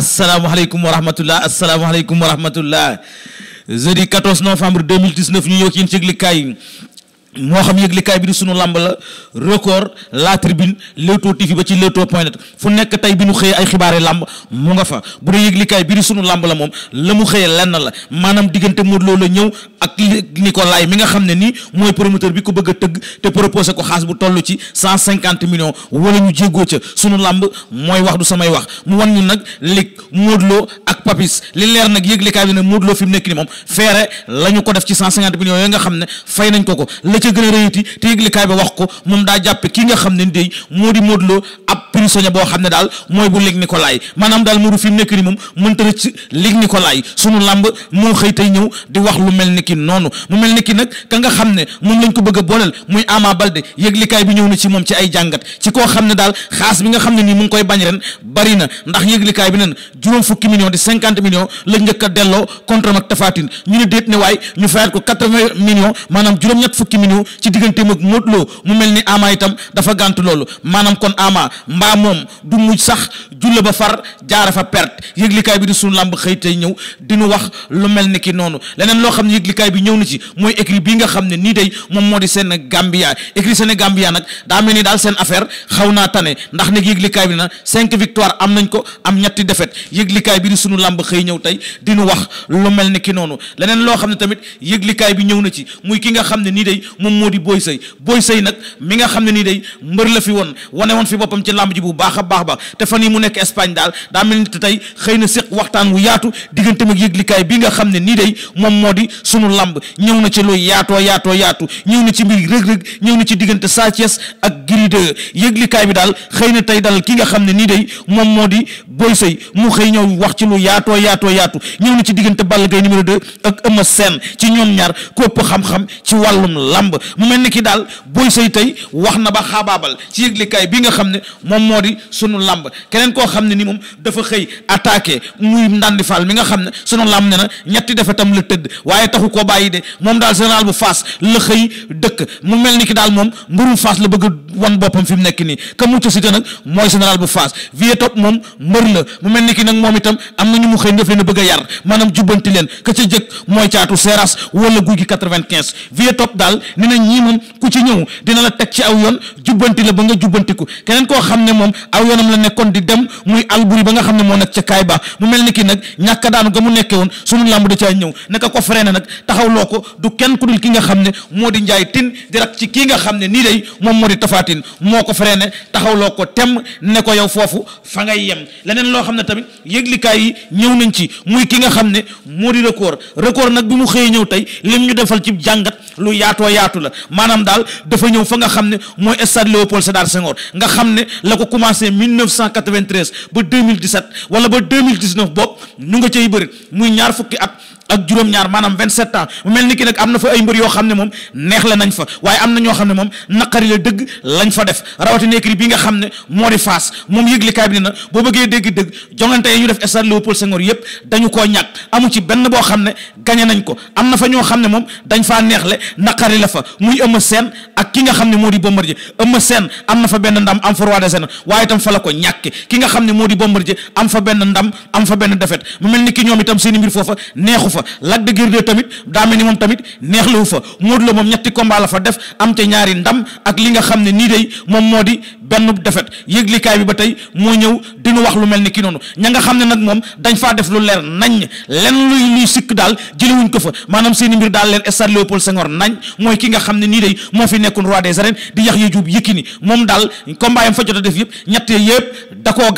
asalaamaaleykum wa rahmatullah asalaamaaleykum wa rahmatullah jeudi 14 novembre 2019 ñu ñëw ci yéen ci yëglikaay moo xam yëglikaay bi di sunu làmb la record la tribune Leewtoo TV ba ci Leewtoo point net fu nekk tey bi nu xëyee ay xibaari làmb mu nga fa bu dee yëglikaay bi di sunu làmb la moom la mu xëyee lenn la maanaam diggante Modou Lo la ñëw ak Nicolas mi nga xam ne nii mooy promoteur bi ko bëgg a tëgg te proposé ko xaas bu tollu ci cent cinquante millions wala ñu jéggoo ca sunu làmb mooy wax du samay wax mu wan ñu nag lig Modou ak ak papis li leer nag yëglikaay bi ne Modou Lo fi mu nekk ni moom feere la ñu ko def ci ki nga xam ne ki noonu a na ci moom ci ay jàngat ci koo xam ne daal xaas bi nga xam ne nii mu ngi koy bañ ren bari na ndax yëglikaay bi nen juróom fukki millions di cinquante millions la njëkk a delloo contre mag Tafatine ñu ne déet ne waay ñu fayaat ko quatre vingt millions maanaam juróom-ñett fukki millions ci diggante mag Modou mel ni ba far jaara fa perte yëglikaay bi di sunu làmb xëy tey ñëw dinu wax lu mel ni ki noonu leneen loo xam ne yëglikaay bi ñëw na ci mooy écrit bi nga xam ne nii day moom moo di seen Gambia écrit seen Gambia nag daa mel ni daal seen affaire xaw naa tane ndax nag yëglikaay bi na cinq victoire am nañ ko am ñetti défaite yëglikaay bi di sunu làmb xëy ñëw tey di nu wax lu mel ni ki noonu leneen loo xam ne tamit yëglikaay bi ñëw na ci muy ki nga xam ne nii day moom moo di Boy la fi woon wane woon fi boppam ci làmb a baax ba te fan yi mu nekk Espagne daal daa mel ni tey bi nga xam ne nii day moom moo di sunu làmb ñëw na ci lu yaatoo yaatoo yaatu ñëw na ci mbir rëg-rëg ñëw na ci diggante Sa Thiès ak Gris yëglikaay bi daal xëy na tey dal ki nga xam ne nii day moom moo di Boy Seye mu xëy ñëw wax ci lu yaatoo yaatoo yaatu ñëw na ci diggante Balla Gaye numéro 2 ak Eumeu Sène ci ñoom ñaar ko ëpp xam-xam ci wàllum lamb mu mel ni ki daal Boy Seye tey wax na ba xaabaabal ci yëglikaay bi nga xam ne moom moo di sunu lamb keneen koo xam ne ni moom dafa xëy attaqué muy ndandi faal mi nga xam ne sunu lamb ne na ñetti defe tam la tëdd waaye taxu ko bàyyi de moom daal général bu Fass la xëy dëkk mu mel ni ki daal moom mburum Fass la bëgg wan boppam fi mu nekk ni ki nag ñooñu mu xëy def leen bëgg a yar maanaam jubbanti leen ka jëkk mooy caatu seras wala guy gi quatre-vingt-quinze vie daal ni na ku ci ñëw dina la teg ci aw yoon jubbanti la ba nga jubbantiku keneen koo xam ne moom aw yoonam la nekkoon di dem muy alburi ba nga xam ne moo nekk ca kaay ba mu mel ni ki nag ñàkka daanu ga mu nekkee woon sunu làmb da caa ñëw naka ko freiné nag taxawloo ko du kenn ku dul ki nga xam ne moo di njaay tin di rak ci kii nga xam ne nii moo di tafaatin moo ko freiné taxawloo ko tem ne ko yow foofu fa ngay yem leneen loo ñëw nañ ci muy ki nga xam ne moo di record record nag bi mu xëyee ñëw tey lim ñu defal ci jàngat lu yaatoo yaatu la maanaam daal dafa ñëw fa nga xam ne mooy stade Léopold Sédar Senghor nga xam ne la ko commencé 1993 ba 2017 wala ba mille 2019 boobu ñu nga cay bëri muy ñaar fukki at ak juróom-ñaar maanaam vingt-sept ans mu mel ni ki nag am na fa ay mbër yoo xam ne moom neex la nañ fa waaye am na ñoo xam ne moom naqari la dëgg lañ fa def rawati écurie bi nga xam ne moo di Fass moom yëglikaay bi na boo bëggee dégg-dëgg jongante yi ñu def stade Léopold Senghor yépp dañu koo ñàkk amu ci benn boo xam ne gañe nañ ko am na fa ñoo xam ne moom dañ faa neexle naqari la fa muy Eumeu Sène ak ki nga xam ne moo di Bombardier Eumeu Sène am na benn ndam am fa waaye itam fa la ko ñàkke ki nga xam ne moo di Bombardier am fa benn ndam am fa benn défaite mu mel ni ki ñoom itam seen mbir foofa neexu fa fa Lac de Guiers tamit daa mel ni moom tamit neex la wu fa Modou Lo moom ñetti combat la fa def am ca ñaari ndam ak li nga xam ne nii day moom moo di benn defet yëglikaay bi ba tey moo ñëw dinu wax lu mel ni ki noonu ña nga xam ne nag moom dañ faa def lu leer nañ len luy sikk daal jëliwuñ ko fa maanaam seeni mbir daal leer stade Léopold Senghor nañ mooy ki nga xam ne nii moo fi nekkoon roi des arènes di yax ya juub Yékini moom daal combat yam fa jot a def yëpp ñett yëpp da koo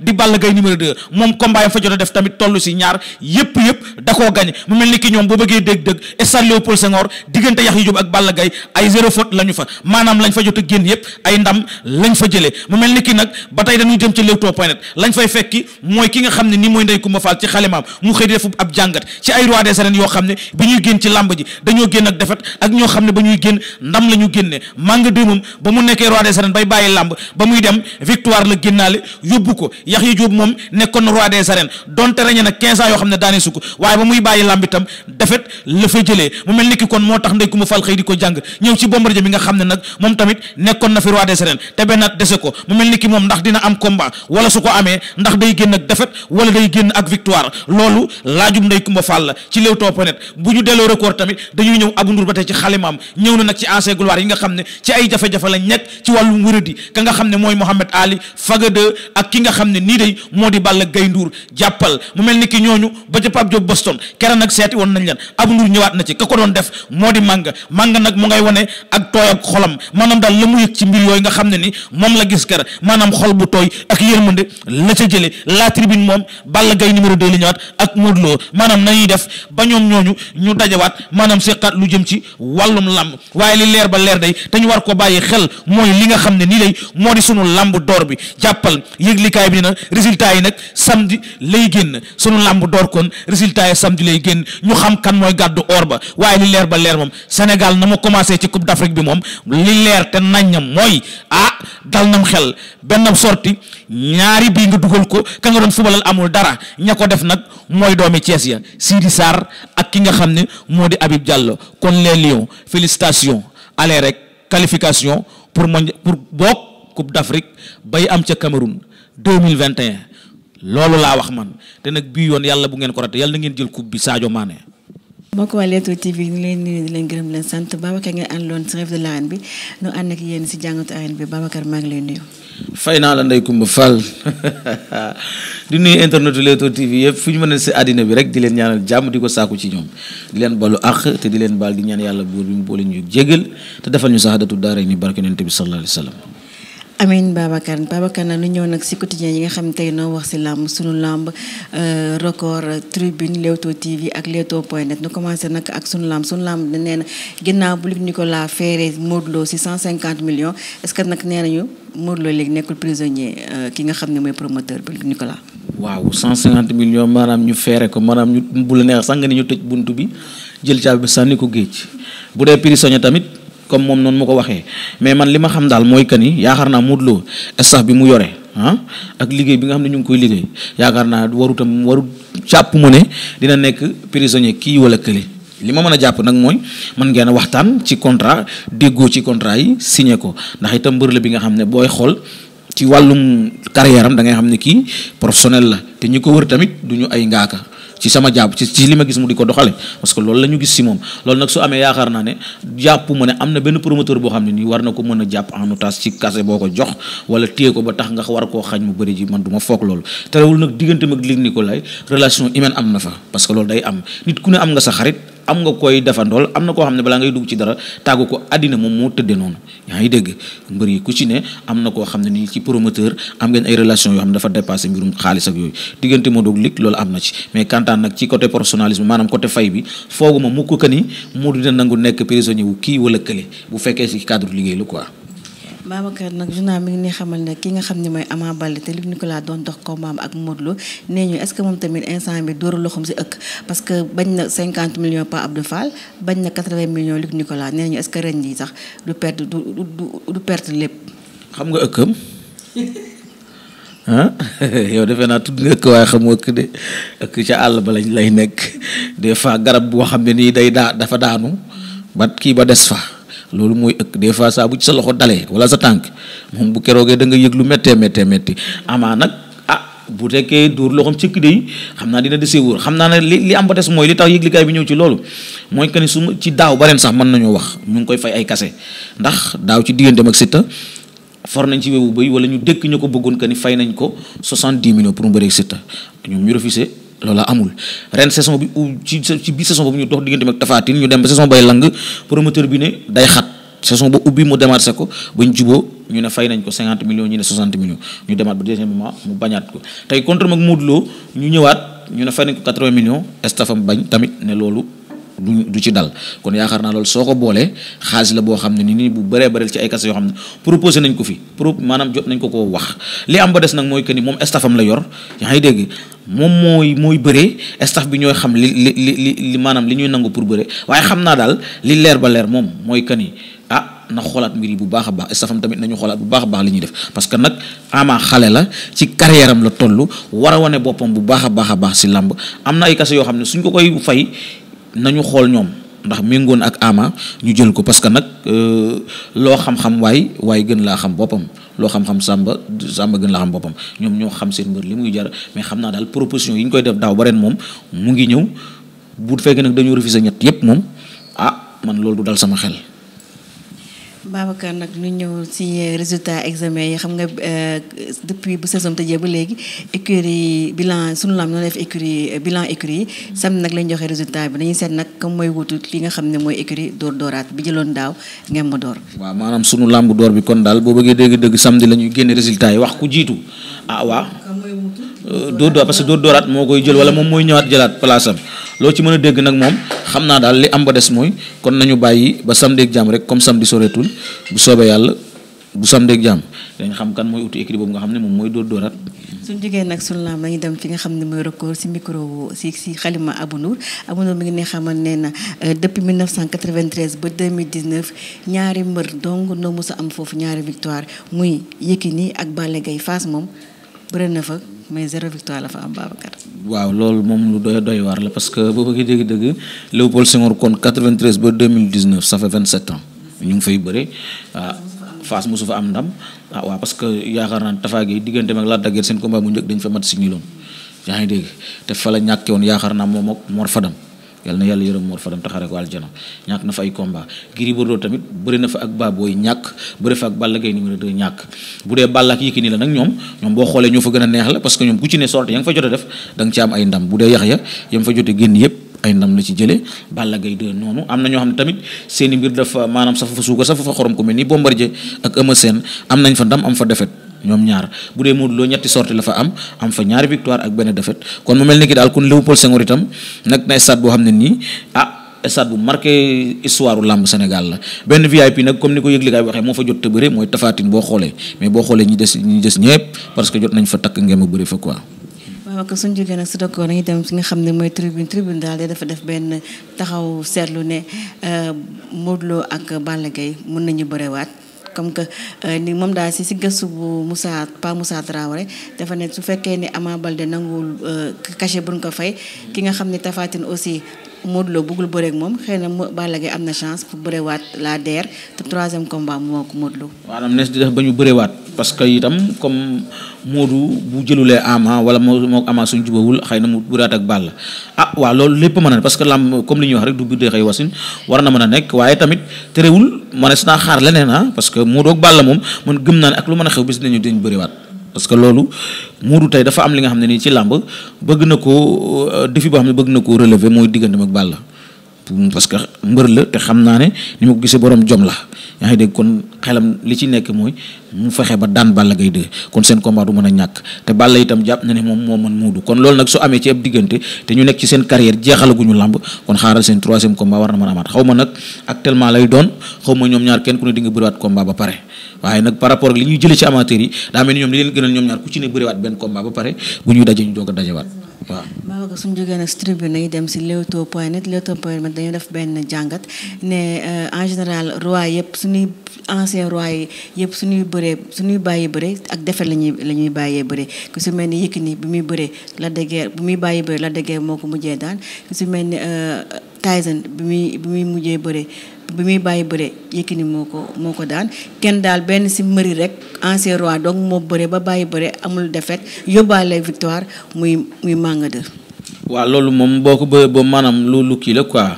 di Balla Gaye numéro 2 moom combat yam def tamit toll si ñaar yëpp yëpp da koo mu mel ni ki ñoom boo bëggee dégg-dëgg stade Léopold Senghor diggante yax ya juub ak Balla Gaye ay zéro faute la ñu fa maanaam lañ fa jot a génn yëpp ay ndam lañ fa jëlee mu mel ni ki nag ba tey dañuy jëm ci Leewtoo point lañ fay fekki mooy ki nga xam ne ni mooy Ndeye Coumba Fall ci xalimaam mu xëy di defet ak ñoo xam ne ba ñuy génn ndam la ñu génnee Manga 2 ba mu nekkee roi des arènes bay bàyyi làmb ba muy dem victoire la génnaale yóbbu ko Yaxya Jóob moom nekkoon na roi des arènes donte reñe na quinze yoo xam ne daane sukk waaye ba muy bàyyi làmb itam defet la fa jëlee moom tamit nekkoon roi des arènes te benn at dese ko mu mel ni ki moom ndax dina am combat wala su ko amee ndax day génn ak défaite wala day génn ak victoire loolu laajum ndey kumba fàll ci Leewtoo point net bu ñu delloo record tamit dañu ñëw Abou Ndour ba tey ci xalimaam ñëw na nag ci ancien gloire yi nga xam ne ci ay jafe-jafe lañ nekk ci wàllum wéradi ka nga xam ne mooy Mohamed Ali Fagade ak ki nga xam ne nii day moo di Balla Gaye Ndour jàppal mu mel ni ki ñooñu ba ca Pape Diop Boston kera nag seeti woon nañ leen Abou Ndour ñëwaat na ci ka ko doon def moo di mànga mànga nag mu ngay wane ak yooyu nga xam ne ni moom la gis kër maanaam xol bu tooy ak yërmande la ca jële la tribune moom Balla Gaye numéro 2 li ñëwaat ak Modou Lo nañuy def ba ñoom ñooñu ñu dajawaat maanaam seqa lu jëm ci wàllum làmb waaye li leer ba leer day te ñu war ko bàyyi xel mooy li nga xam ne nii lay moo di sunu làmb door bi jàppal yëglikaay bi na résultat yi nag samedi lay génn sunu làmb door kon résultat yi samedi lay génn ñu xam kan mooy gàddu or ba waaye li leer ba leer moom Sénégal na mu commencé ci Coupe d'Afrique yi ah dal nam xel benn sorti ñaari bii nga dugal ko ka nga doon fubalal amul dara ña ko def nag mooy doomi Cees ya Sidi Sarr ak ki nga xam ne moo di Habib Diallo kon les Lions félicitations allez rek qualification pour mondial pour bokk Coupe d'Afrique bay am ca Cameroun 2021 loolu laa wax man te nag bii yoon yàlla bu ngeen ko rate yàlla na ngeen jël coupe bi Sadio Mané mbokk waa Leewtoo TV ñu leen nuyu di leen gërëm leen sant Babacar ngeen àndoon ci revue de l'arène bi nu ànd ak yéen ci jàngatu arène bi Babacar maa ngi lay nuyu. fay naa la Ndeye kumba Fall di nuyu internet Leewtoo TV yëpp fu ñu mën a si àddina bi rek di leen ñaanal jàmm di ko saaku ci ñoom di leen balu àq te di leen baal di ñaan yàlla buur bi mu boole ñu jégal te defal ñu saxaadatu daara ni barke nent bi sallallahu alayhi wa amin Babacar Babacar na lu ñëw nag si quotidien yi nga xam ne tey noo wax si làmb sunu làmb euh, record tribune Leewtoo TV ak Leewtoo point net ñu commencé nag ak sunu làmb sunu làmb nee na ginnaaw bu Luc Nicolas feeree Modou Lo si 150 millions est que nag nee nañu Modou Lo léegi nekkul prisonnier euh, ki nga xam ne mooy promoteur bi Luc Nicolas. waaw 150 millions maanaam ñu feere ko maanaam ñu bu la neex sax nga ñu tëj buntu bi jël caabi bi sànni ko géej bu dee prisonnier tamit. comme moom noonu mu ko waxee mais man li ma xam daal mooy que ni yaakaar naa Modou Lo staff bi mu yore ah ak liggéey bi nga xam ne ñu ngi koy liggéey yaakaar naa warutam waru jàpp mu ne dina nekk prisonnier kii wala këli li ma mën a jàpp nag mooy mën ngeen a waxtaan ci contrat déggoo ci contrat yi signe ko ndax itam mbër la bi nga xam ne booy xool ci wàllum carrière am da ngay xam ne kii professionnel la te ñi ko wër tamit du ñu ay ngaaka. ci sama jàpp ci li ma gis mu di ko doxale parce que loolu la gis si moom lool nag su amee yaakaar naa ne jàpp ma ne am na benn promoteur boo xam ne nii war na ko mën a jàpp en otage ci kase boo ko jox wala téye ko ba tax nga war koo xañ mu bëri ji man duma foog loolu terewul nag diggante mag Luc Nicolaï relation humaine am na fa parce que loolu day am nit ku ne am nga sa xarit am nga koy defandool am na koo xam ne balaa ngay dugg ci dara tàggu ko àddina moom moo tëddee noonu yaa ngi dégg mbër yi ku ci ne am na koo xam ne nii ci promoteur am ngeen ay yoo xam ne dafa dépassé mbirum xaalis ak yooyu diggante moo doog lig loolu am na ci mais kantaan nag ci côté personnalisme maanaam côté fay bi fooguma mu ko que ni moo dina nangu nekk prisonnier kii wala kële bu fekkee ci cadre liggéey la quoi Babacar nag journal mi ngi ne xamal ne ki nga xam ne mooy Ama Baldé te Luc Nicolas doon dox combat am ak Modou Lo nee ñu est que moom tamit instant bi dóoru loxoom si ëkk parce que bañ na 50 millions Pa Abdou Fall bañ na 80 millions Luc Nicolas nee ñu est-ce que ren jii sax du perte du du perte lépp. xam nga ëkkam ah yow defe naa tudd nga ëkk waaye xam nga ëkk de ëkk ca àll ba lañ lay nekk des fois garab boo xam ne nii day daa dafa daanu ba kii ba loolu mooy ëkk des fois saa bu ci sa loxo dalee wala sa tànk moom bu keroogee da nga yëg lu méttee méttee métti amaa nag ah bu tekkee dóor loxoom ci kii yi xam naa dina desee wóor xam naa ne li li am ba des mooy li tax gaay bi ñëw ci loolu mooy que ni su ma ci daaw ba ren sax mën nañoo wax ñu ngi koy fay ay kase ndax daaw ci digganteem ak Siteu for nañ ci wewu bëy wala ñu dëkk ñu ko bëggoon que ni fay nañ ko 70 millions pour mu bëreeg Siteu ñoom ñu refusé. loola amul ren saison bi ci ci biir saison boobu ñu dox diggante ak Tapha ñu dem ba saison bay lang promoteur bi ne day xat saison ba ubbi mu démarché ko bañ juboo ñu ne fay nañ ko 50 millions ñu ne 60 millions ñu demaat ba deuxième mu bañaat ko tey contre mag Modou Lo ñu ñëwaat ñu ne fay nañ ko 80 millions estafam bañ tamit ne loolu du du ci dal kon yaakaar naa loolu soo ko boolee xaalis la boo xam ne ni nii bu bëree bëril ci ay kase yoo xam ne proposé nañ ko fi pro maanaam ko koo wax li am li ñuy nangu pour bëree waaye xam naa daal li leer ba leer moom mooy que ni ah. na xoolaat mbir yi bu baax a baax estafam tamit nañu xoolaat bu baax a baax li ñuy def parce que nag la ci carrière am la toll war a wane boppam bu baax a a baax si làmb am na ay kase yoo xam ne suñ ko koy fay nañu xool ñoom ndax méngoon ak ama ñu jël ko parce que nag euh, loo xam-xam waaye waaye gën laa xam boppam loo xam-xam sàmba sàmba gën laa xam boppam ñoom ñoo xam seen mbër li muy jar mais xam naa daal proposition yi ñu koy def daaw ba ren moom mu ngi ñëw bu fekkee nag dañoo refuser ñett yépp moom ah man loolu du dal sama xel Babacar nag ñu ñëw ci euh, résultat examen yi xam nga euh, depuis bu saison tëjee ba léegi écurie bilan sunu lam noonu def écurie euh, bilan écurie yi sam nag lañ joxe résultat bi dañuy seet nag comme mooy wutu li nga xam ne mooy écurie dóor dóoraat bi jëloon daaw ngeen ma door waaw maanaam sunu làmb door bi kon daal boo bëggee dégg-dëgg samedi la ñuy génne résultat yi wax ku jiitu ah waaw dóor dóor parce que dóor moo koy jël wala moom mooy ñëwaat jëlaat place am loo ci mën a dégg nag moom xam naa daal li am ba des mooy kon nañu bàyyi ba samedi ak jàmm rek comme samedi soreetul bu soobee yàlla bu samedi ak jàmm dañ xam kan mooy uti écrit boobu nga xam ne moom mooy door dóoraat suñ jógee nag la laam dañuy dem fi nga xam ne mooy record si micro si si xalima Abou Nour Abou Nour mi ngi ne xamal ne na euh, depuis 1993 ba 2019 ñaari mbër donc noo mos a am foofu ñaari victoire muy nii ak Balla Gaye Fass moom bëre na fa mais zéro victoire am Babacar waaw loolu moom lu doy doy waar la parce que boo bëggee dégg-dégg Léopold Senghor kon 93 ba 2019 ça fait 27 ans ñu ngi fay bëre ah Fass mosu fa am ndam ah waaw parce que yaakaar naa ne Tapha Gueye diggante mag Lac de Guiers seen combat bu njëkk dañ fa mat si ñu yaa ngi dégg te fa la ñàkkee woon yaakaar naa moom ak Mor Fadam. yal na yàlla yërëm Mor Fadam taxare ko aljana ñàkk na fa ay combat Gris Bordeaux tamit bëri fa ak Baboy ñàkk bëri fa ak Balla Gaye numéro 2 ñàkk bu dee Balla ak Yékini la nag ñoom ñoom boo xoolee ñoo fa gën a neex la parce ñoom ku ci ne sorte ya fa jote def da ci am ay ndam bu dee yax ya ya fa jote génn yépp ay ndam la ci jëlee Balla Gaye 2 noonu am na ñoo xam ne tamit seeni mbir dafa maanaam safa fa suukar safa fa xorom ku mel ni Bombardier ak ñoom ñaar bu dee Modou Lo ñetti sortie la fa am am fa ñaari victoire ak benn défaite kon mu mel ni ki daal kon Léopold Senghor itam nag na stade boo xam ne nii ah stade bu marqué histoire u làmb Sénégal la benn VIP nag comme ni ko yëglikaay waxee moo fa jot te bëre mooy tafaatin boo xoolee mais boo xoolee ñi des ñi des ñëpp parce que jot nañ fa takk ngeen bëre fa quoi. waaw kon suñu jógee nag su dakoo dañuy dem fi nga xam ne mooy tribune tribune daal dafa def benn taxaw seetlu ne euh, Modou Lo ak Balla Gaye mën nañu bërewaat. comme que euh, ni moom daal si si gëstu bu Moussa Pa Moussa rek dafa ne su fekkee ni Ama Baldé nanguwul euh, cachet buñ ko fay ki nga xam ni Tapha Tine aussi Modou Lo bëggul bëreeg moom xëy na Balla Gaye am na chance pour bërewaat la DER te troisième combat moo ko Modou Lo. maanaam nees di def ba ñu parce que itam comme Modou bu jëlulee Ama wala moo moo Ama jubawul xëy na mu bërewaat ak Balla ah waaw loolu lépp mën na parce que lam comme li ñuy wax rek du biir dee xëy wasin war na mën a nekk waaye tamit terewul ma ne naa xaar leneen ah parce que Modou ak Balla moom man gëm naa ne ak lu mën a xew bis dinañu dinañ bërewaat. parce que loolu muuru tey dafa am li nga xam ne nii ci làmb bëgg na ko euh, défi boo xam ne bëgg na ko relever mooy digganteem ak Balla parce que mbër la te xam naa ne ni ma ko gisee borom jom la yaa ngi dégg kon xelam li ci nekk mooy mu fexe ba daan Balla Gaye 2 kon seen combat du mën a ñàkk te Balla itam jàpp na ne moom moo mën muudu kon loolu nag su amee ci ab diggante te ñu nekk ci seen carrière jeexalaguñu làmb kon xaaral seen troisième combat war na mën amaat xaw ma nag actuellement lay doon xaw ma ñoom ñaar kenn ku ne di nga bëriwaat combat ba pare waaye nag par rapport benn combat ba pare a dajewaat waaw Babacar su ñu jógee nag si nañu dem si leoto point net Leewtoo point net dañu def benn jàngat ne euh, en général roi yëpp suñuy ancien roi yi yëpp suñuy bëree suñuy bàyyi bëree ak defet lañuy la ñuy bàyyee bëree ku si mel ni Yékini bi muy bëree la de Guiers bi muy bàyyi bëree la de moo ko mujjee daan ku si mel ni euh, Tyson bi muy bi muy mujjee bëree bi muy bàyyi bëre Yékini moo ko moo ko daan kenn daal benn si mbëri rek ancien roi doog moo bëre ba bàyyi bëre amul défaite yóbbaale victoire muy muy Manga 2 waa loolu moom boo ko bëree ba maanaam lu lu la quoi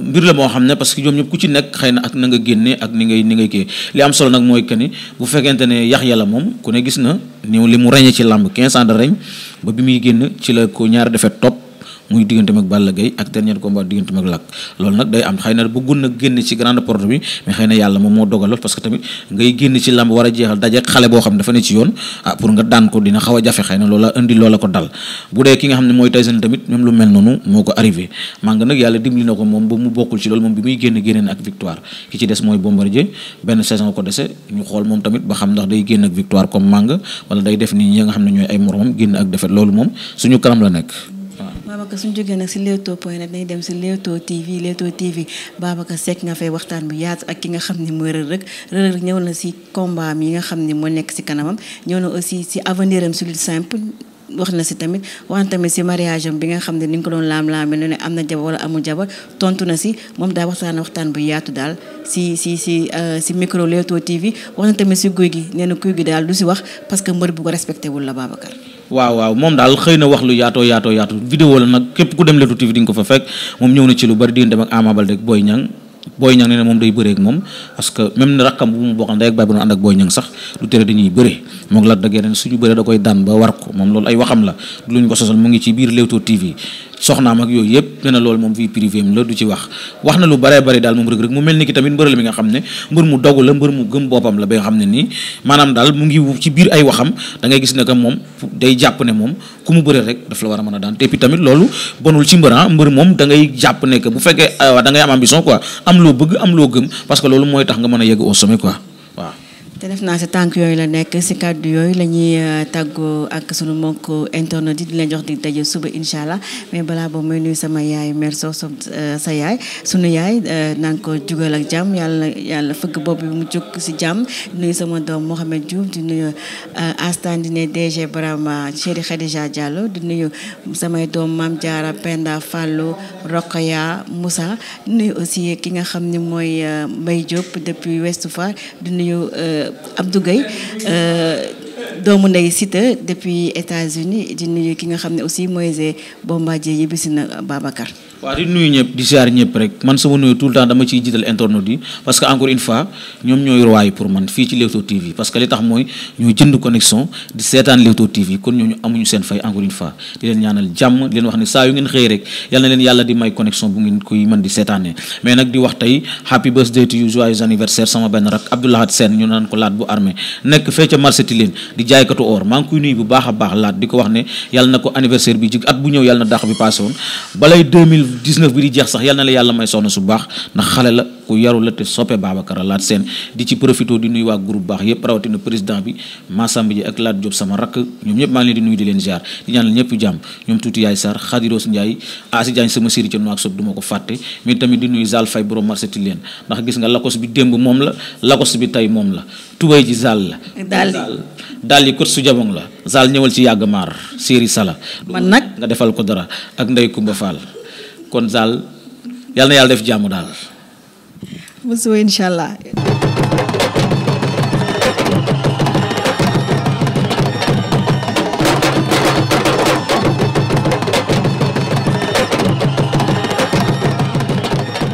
mbir la moo xam ne parce que ñoom ñëpp ku ci nekk xëy na ak na nga génne ak ni ngay ni ngay kii li am solo nag mooy que ni bu fekkente ne yax yàlla moom ku ne gis na ni li mu ràññee ci làmb 15 ans de règne ba bi muy génn ci la ko ñaari defet topp. muy digganteem ak Balla Gaye ak dernier combat digganteem ak Lac loolu nag day am xëy na bëggoon na génn ci grande porte bi mais xëy na yàlla moom moo dogal parce que tamit ngay génn ci làmb war a jeexal daje ak xale boo xam ne dafa ne ci yoon ah pour nga daan ko dina xaw a jafe xëy na loola indi loola ko dal bu dee nga xam ne mooy Tyson tamit même lu mel noonu moo ko arrivé maa nga nag yàlla dimbali na ko moom ba mu bokkul ci loolu moom bi muy génn génne na ak victoire ki ci mooy Bombardier benn saison ko dese ñu xool tamit ba xam ndax day génn ak victoire comme Manga wala def ni ñi nga ne ñooy ay moromam génn ak défaite loolu moom suñu kanam la nekk Babacar suñ jógee nag si Leewtoo point nag dañuy dem si Leewtoo TV Leewtoo TV Babacar Seck nga fay waxtaan bu yaatu ak ki nga xam ne mooy Reug Reug ñëw na si combat yi nga xam ni moo nekk si kanamam ñëw na aussi si avenir am si lutte wax na si tamit wax si mariage bi nga xam ne ni nga ko doon laam-laamee ne am na jabar wala amul tontu na si moom daal waxtaan waxtaan bu yaatu daal si si si euh, si micro Leewtoo TV wax na tamit si guy gi nee na guy gi daal du si wax parce que mbër bu ko respecté wul la Babacar. waaw waaw moom daal xëy na wax lu yaato yaatoo yaatu vidéo la nag képp ku dem Leewtoo TV di nga ko fa fekk moom ñëw na ci lu bari di dem ak Ama Baldé ak Boy Niang Boy Niang moom day bëree ak moom parce que même rakkam bu mu bokkal ndey ak baay bu doon ànd ak Boy Niang sax du tere dañuy bëre moom la dëggee ren suñu bëree da koy daan ba war ko moom loolu ay waxam la du luñ ko sosal mu ngi ci biir Leewtoo TV soxnaam ak yooyu yëpp nee na loolu moom vie privée am la du ci wax wax na lu baree bari daal moom rëg-rëg mu mel ni ki tamit mbër la mi nga xam ne mbër mu dogu la mbër mu gëm boppam la ba xam ne nii maanaam daal mu ngi ci biir ay waxam da ngay gis ne que moom day jàpp ne moom ku mu bëre rek daf la war a mën a daan te puis tamit loolu bonul ci mbëran ah, mbër moom da ngay jàpp ne que bu fekkee euh, da ngay am ambition quoi am loo bëgg am loo gëm parce que loolu mooy tax nga mën a yegg au sommet quoi waaw te def naa si tànk yooyu la nekk si kàddu yooyu la ñuy euh, tàggoo ak sunu mbokk internet yi di leen jox di daje suba incha allah mais balaa boobu mooy nuyu sama yaay mère Sow euh, sa yaay sunu yaay euh, naan ko jugal ak jàmm yàlla yàlla fëgg bopp bi mu jóg si jàmm nuyu sama doom Mohamed Diouf di nuyu astandine DG Barama Chéri Khadija Diallo di nuyu samay doom Mame Diarra Penda Fallou Rokhaya Moussa di aussi ki nga xam ni mooy Mbaye Diop depuis Ouest Foire di nuyu. Abdou Gueye euh, doomu ndey Siteu depuis États-Unis di nuyu ki nga xam ne aussi Moïse Bombardier yëbbisi na Babacar waaw di nuyu ñëpp di siyaar ñëpp rek man sama nuyu tout le temps dama ciy jiital internautes yi parce encore une fois ñoom ñooy rois pour man fii ci Leewtoo TV parce que li tax mooy ñoo jënd connexion di seetaan Leewtoo TV kon ñooñu amuñu seen fay encore une fois di leen ñaanal jàmm leen wax ne saa yu ngeen xëy rek yal na leen yàlla di may connexion bu ngeen koy mën di seetaanee mais nag di wax tey happy birthday to you joyeux anniversaire sama benn rak 19 bi di jeex sax yal na la yàlla may soxna su baax ndax xale la ku yaru la te soppe Babacar Laat Seen di ci profité di nuy waa groupe baax yépp rawatina président bi Massamba ji ak Laat jot sama rakk ñoom ñëpp maa leen di nuyu di leen ziar di ñaanal ñëpp jàmm ñoom tuuti yaay Sarr Khadiros Ndiaye Asi Diagne sama séri ca Nouakchott du ma ko fàtte mais tamit di nuyu Zal Fay borom marché ti leen ndax gis nga lakos bi démb moom la lakos bi tey moom la tubéy ji Zal la daal yi kot su jamono la Zal ñëwal ci yàgg maar séri sala man nag nga defal ko dara ak Ndey Kumba Fall kon daal yàlla na yàlla def jàmm daal. musu incha allah.